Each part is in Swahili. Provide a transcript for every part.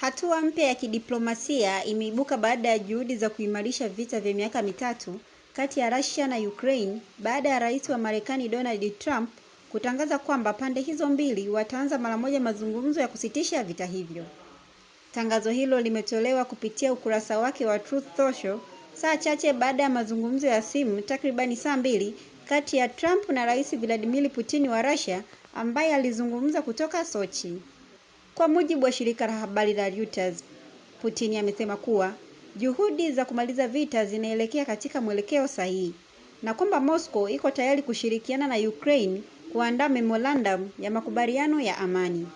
Hatua mpya ya kidiplomasia imeibuka baada ya juhudi za kuimarisha vita vya miaka mitatu kati ya Russia na Ukraine baada ya Rais wa Marekani Donald Trump kutangaza kwamba pande hizo mbili wataanza mara moja mazungumzo ya kusitisha vita hivyo. Tangazo hilo limetolewa kupitia ukurasa wake wa Truth Social saa chache baada ya mazungumzo ya simu takribani saa mbili kati ya Trump na Rais Vladimir Putin wa Russia ambaye alizungumza kutoka Sochi. Kwa mujibu wa shirika la habari la Reuters, Putin amesema kuwa juhudi za kumaliza vita zinaelekea katika mwelekeo sahihi na kwamba Moscow iko tayari kushirikiana na Ukraine kuandaa memorandum ya makubaliano ya amani.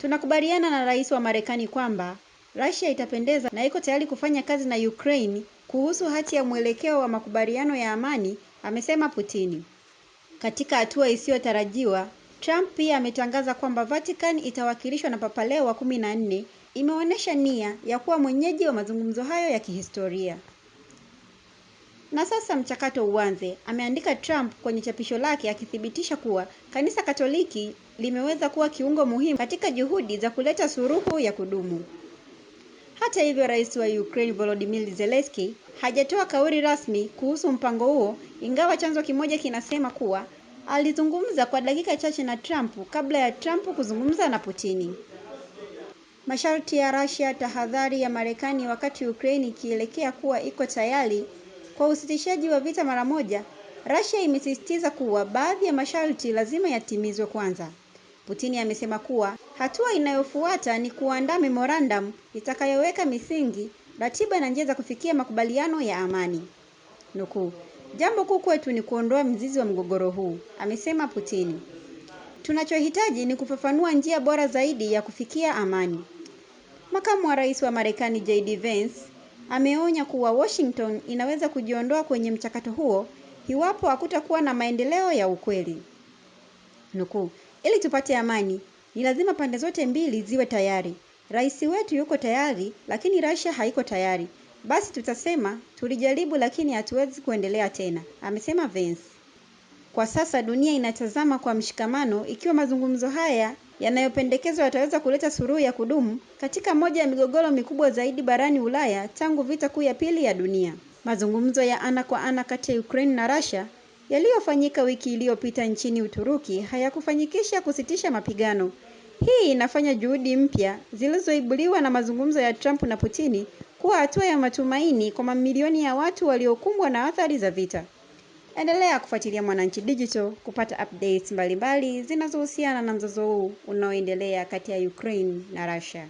Tunakubaliana na rais wa Marekani kwamba Russia itapendeza na iko tayari kufanya kazi na Ukraine kuhusu hati ya mwelekeo wa makubaliano ya amani, amesema Putin. Katika hatua isiyotarajiwa, Trump pia ametangaza kwamba Vatican itawakilishwa na Papa Leo wa kumi na nne imeonyesha nia ya kuwa mwenyeji wa mazungumzo hayo ya kihistoria. Na sasa mchakato uanze, ameandika Trump kwenye chapisho lake akithibitisha kuwa Kanisa Katoliki limeweza kuwa kiungo muhimu katika juhudi za kuleta suluhu ya kudumu. Hata hivyo, Rais wa Ukraine Volodymyr Zelensky hajatoa kauli rasmi kuhusu mpango huo, ingawa chanzo kimoja kinasema kuwa alizungumza kwa dakika chache na Trump kabla ya Trump kuzungumza na Putin. Masharti ya Russia, tahadhari ya Marekani wakati Ukraine ikielekea kuwa iko tayari kwa usitishaji wa vita mara moja, Russia imesisitiza kuwa baadhi ya masharti lazima yatimizwe kwanza. Putin amesema kuwa hatua inayofuata ni kuandaa memorandum itakayoweka misingi, ratiba na njia za kufikia makubaliano ya amani. Nukuu, Jambo kuu kwetu ni kuondoa mzizi wa mgogoro huu, amesema Putin. Tunachohitaji ni kufafanua njia bora zaidi ya kufikia amani. Makamu wa Rais wa Marekani JD Vance ameonya kuwa Washington inaweza kujiondoa kwenye mchakato huo iwapo hakutakuwa na maendeleo ya ukweli. Nukuu, ili tupate amani ni lazima pande zote mbili ziwe tayari. Rais wetu yuko tayari, lakini Russia haiko tayari. Basi tutasema tulijaribu, lakini hatuwezi kuendelea tena, amesema Vance. Kwa sasa dunia inatazama kwa mshikamano ikiwa mazungumzo haya yanayopendekezwa yataweza kuleta suluhu ya kudumu katika moja ya migogoro mikubwa zaidi barani Ulaya tangu vita kuu ya pili ya dunia. Mazungumzo ya ana kwa ana kati ya Ukraine na Russia yaliyofanyika wiki iliyopita nchini Uturuki hayakufanyikisha kusitisha mapigano. Hii inafanya juhudi mpya zilizoibuliwa na mazungumzo ya Trump na Putini kuwa hatua ya matumaini kwa mamilioni ya watu waliokumbwa na athari za vita. Endelea kufuatilia Mwananchi Digital kupata updates mbalimbali zinazohusiana na mzozo huu unaoendelea kati ya Ukraine na Russia.